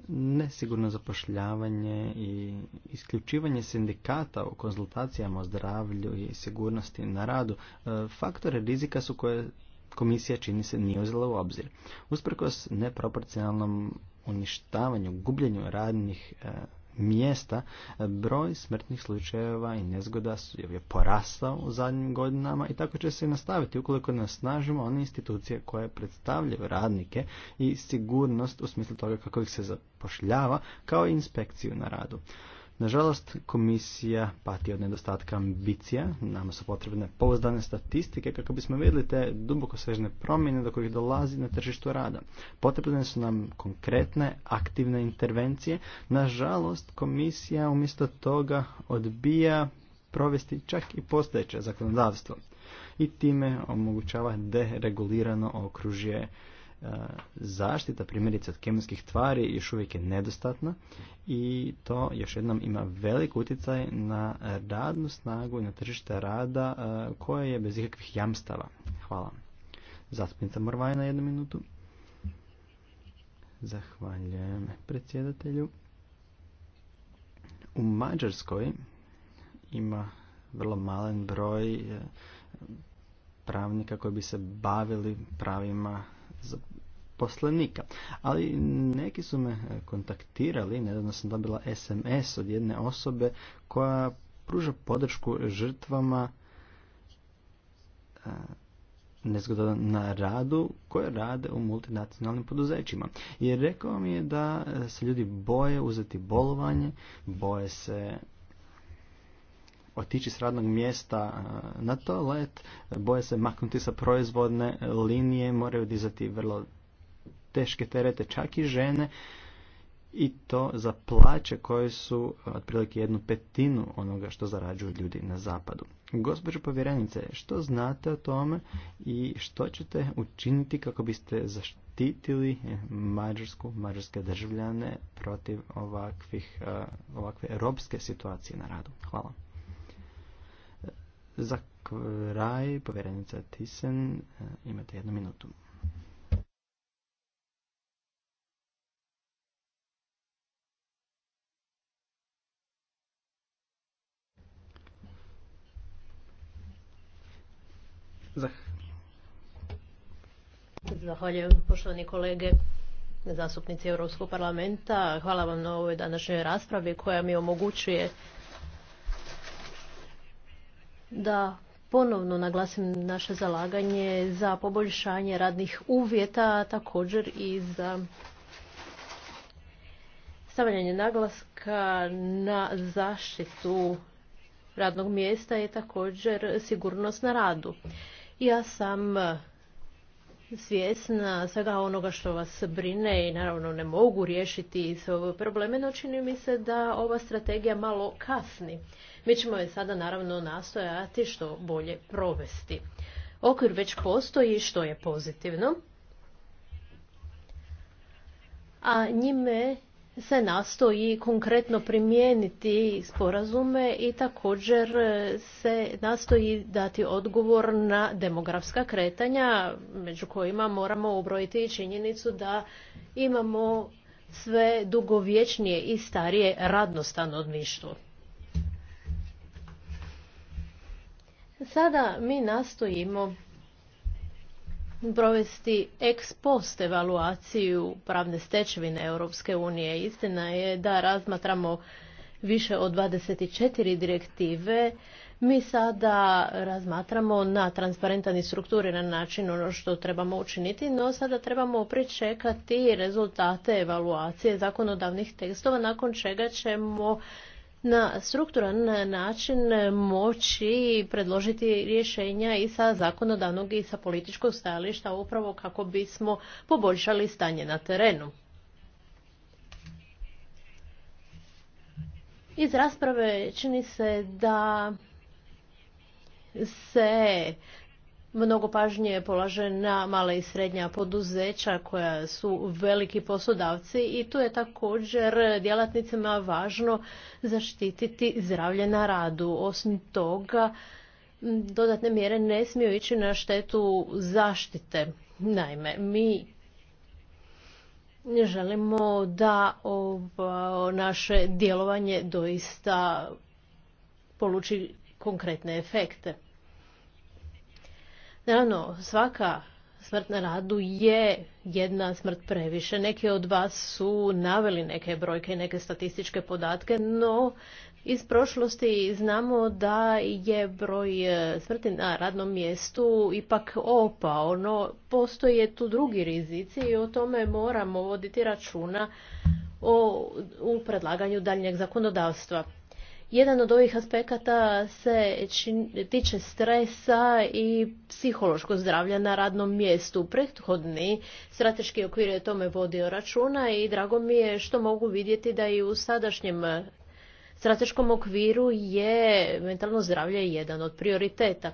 nesigurno zapošljavanje i isključivanje sindikata u konzultacijama o zdravlju i sigurnosti na radu e, faktore rizika su koje komisija čini se nije uzela u obzir. Usprkos neproporcionalnom uništavanju, gubljenju radnih e, mjesta, broj smrtnih slučajeva i nezgoda je porastao u zadnjim godinama i tako će se i nastaviti ukoliko ne one institucije koje predstavljaju radnike i sigurnost u smislu toga kako ih se zapošljava kao i inspekciju na radu. Nažalost, komisija pati od nedostatka ambicija, nama su potrebne pouzdane statistike kako bismo vidjeli te duboko svežne promjene do kojih dolazi na tržištu rada. Potrebne su nam konkretne, aktivne intervencije. Nažalost, komisija umjesto toga odbija provesti čak i postojeće zakonodavstvo i time omogućava deregulirano okružje E, zaštita primjerice od kemijskih tvari još uvijek je nedostatna i to još jednom ima velik utjecaj na radnu snagu i na tržište rada e, koje je bez ikakvih jamstava. Hvala. Zastupnica Morvaj na jednu minutu. Zahvaljujem predsjedatelju. U Mađarskoj ima vrlo malen broj e, pravnika koji bi se bavili pravima za poslanika Ali neki su me e, kontaktirali, nedavno sam dobila SMS od jedne osobe koja pruža podršku žrtvama e, nezgoda na radu koje rade u multinacionalnim poduzećima. Jer rekao mi je da se ljudi boje uzeti bolovanje, boje se otići s radnog mjesta e, na toalet, boje se maknuti sa proizvodne linije, moraju dizati vrlo teške terete, čak i žene, i to za plaće koje su otprilike jednu petinu onoga što zarađuju ljudi na zapadu. Gospođo povjerenice, što znate o tome i što ćete učiniti kako biste zaštitili mađarsku, mađarske državljane protiv ovakvih, eh, ovakve robske situacije na radu? Hvala. Za kraj, povjerenica Tisen, eh, imate jednu minutu. Zahvaljujem poštovani kolege zastupnici Europskog parlamenta. Hvala vam na ovoj današnjoj raspravi koja mi omogućuje da ponovno naglasim naše zalaganje za poboljšanje radnih uvjeta, također i za stavljanje naglaska na zaštitu radnog mjesta i također sigurnost na radu. Ja sam e, svjesna svega onoga što vas brine i naravno ne mogu riješiti sve ove probleme, no čini mi se da ova strategija malo kasni. Mi ćemo je sada naravno nastojati što bolje provesti. Okvir već postoji što je pozitivno. A njime se nastoji konkretno primijeniti sporazume i također se nastoji dati odgovor na demografska kretanja, među kojima moramo ubrojiti i činjenicu da imamo sve dugovječnije i starije radno stanovništvo. Sada mi nastojimo provesti ex post evaluaciju pravne stečevine Europske unije. Istina je da razmatramo više od 24 direktive. Mi sada razmatramo na transparentan i strukturiran način ono što trebamo učiniti, no sada trebamo pričekati rezultate evaluacije zakonodavnih tekstova, nakon čega ćemo na strukturan način moći predložiti rješenja i sa zakonodavnog i sa političkog stajališta upravo kako bismo poboljšali stanje na terenu. Iz rasprave čini se da se Mnogo pažnje polaže na male i srednja poduzeća koja su veliki poslodavci i tu je također djelatnicima važno zaštititi zdravlje na radu. Osim toga, dodatne mjere ne smiju ići na štetu zaštite. Naime, mi želimo da ovo naše djelovanje doista poluči konkretne efekte. Naravno, svaka smrt na radu je jedna smrt previše. Neki od vas su naveli neke brojke i neke statističke podatke, no iz prošlosti znamo da je broj e, smrti na radnom mjestu ipak opao, no postoje tu drugi rizici i o tome moramo voditi računa u predlaganju daljnjeg zakonodavstva. Jedan od ovih aspekata se tiče stresa i psihološkog zdravlja na radnom mjestu. Prethodni strateški okvir je tome vodio računa i drago mi je što mogu vidjeti da i u sadašnjem strateškom okviru je mentalno zdravlje jedan od prioriteta.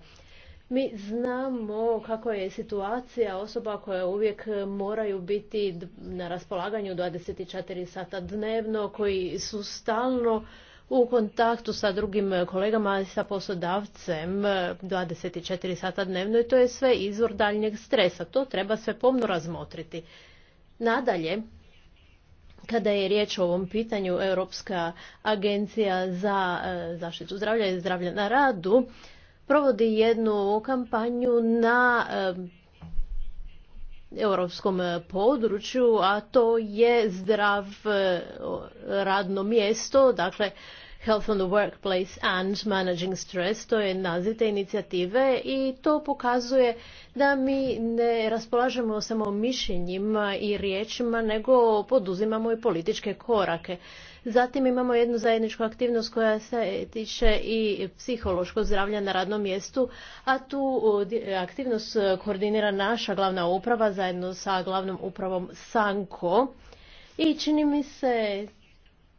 Mi znamo kako je situacija osoba koja uvijek moraju biti na raspolaganju 24 sata dnevno, koji su stalno u kontaktu sa drugim kolegama i sa poslodavcem e, 24 sata dnevno i to je sve izvor daljnjeg stresa. To treba sve pomno razmotriti. Nadalje, kada je riječ o ovom pitanju, Europska agencija za e, zaštitu zdravlja i zdravlja na radu provodi jednu kampanju na e, europskom e, području, a to je zdrav e, radno mjesto, dakle Health on the Workplace and Managing Stress, to je naziv te inicijative i to pokazuje da mi ne raspolažemo samo mišljenjima i riječima, nego poduzimamo i političke korake. Zatim imamo jednu zajedničku aktivnost koja se tiče i psihološkog zdravlja na radnom mjestu, a tu aktivnost e, koordinira naša glavna uprava zajedno sa glavnom upravom Sanko. I čini mi se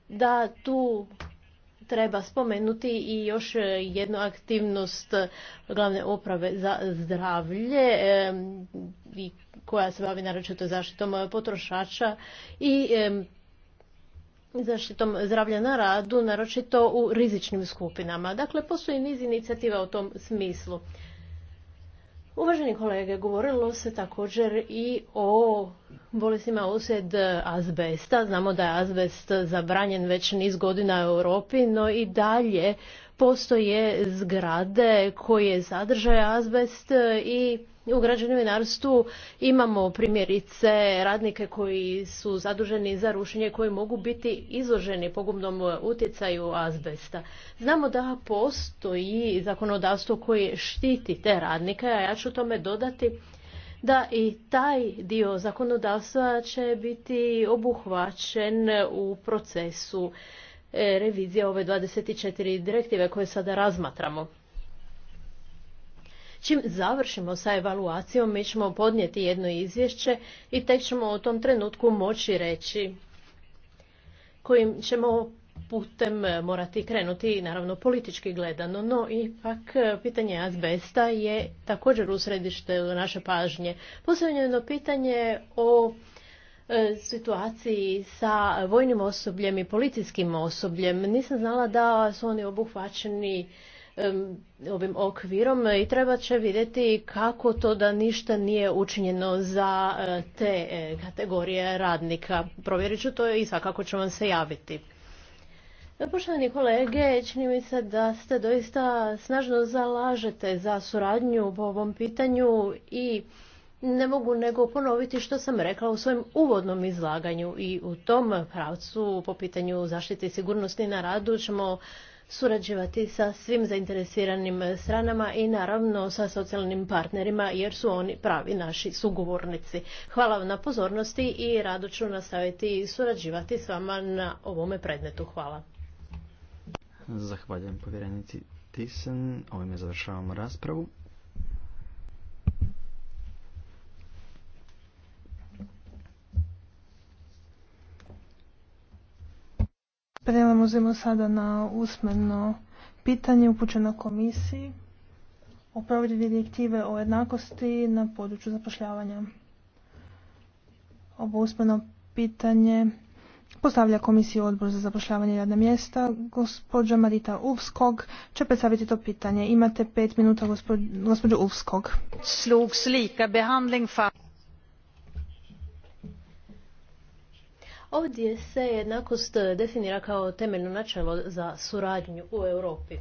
da tu treba spomenuti i još jednu aktivnost glavne uprave za zdravlje koja se bavi naročito zaštitom potrošača i zaštitom zdravlja na radu, naročito u rizičnim skupinama. Dakle, postoji niz inicijativa u tom smislu. Uvaženi kolege, govorilo se također i o bolestima usred azbesta. Znamo da je azbest zabranjen već niz godina u Europi, no i dalje postoje zgrade koje zadržaju azbest i u građevinarstvu imamo primjerice radnike koji su zaduženi za rušenje koji mogu biti izloženi pogubnom utjecaju azbesta. Znamo da postoji zakonodavstvo koje štiti te radnike, a ja ću tome dodati da i taj dio zakonodavstva će biti obuhvaćen u procesu e, revizije ove 24 direktive koje sada razmatramo. Čim završimo sa evaluacijom, mi ćemo podnijeti jedno izvješće i tek ćemo u tom trenutku moći reći kojim ćemo putem morati krenuti, naravno politički gledano, no ipak pitanje azbesta je također u središte naše pažnje. je jedno pitanje o e, situaciji sa vojnim osobljem i policijskim osobljem. Nisam znala da su oni obuhvaćeni ovim okvirom i treba će vidjeti kako to da ništa nije učinjeno za e, te e, kategorije radnika. Provjerit ću to i svakako ću vam se javiti. E, poštovani kolege, čini mi se da ste doista snažno zalažete za suradnju po ovom pitanju i ne mogu nego ponoviti što sam rekla u svojem uvodnom izlaganju i u tom pravcu po pitanju zaštite i sigurnosti na radu ćemo surađivati sa svim zainteresiranim stranama i naravno sa socijalnim partnerima jer su oni pravi naši sugovornici. Hvala vam na pozornosti i rado ću nastaviti surađivati s vama na ovome predmetu. Hvala. Zahvaljujem povjerenici Tisen. Ovime završavamo raspravu. Prelazimo sada na usmeno pitanje upućeno komisiji o provedbi direktive o jednakosti na području zapošljavanja. Ovo usmeno pitanje postavlja komisiju odbor za zapošljavanje i radna mjesta. Gospođa Marita Uvskog će predstaviti to pitanje. Imate pet minuta, gospođo Uvskog. Slog lika behandling fa Ovdje se jednakost definira kao temeljno načelo za suradnju u Europi.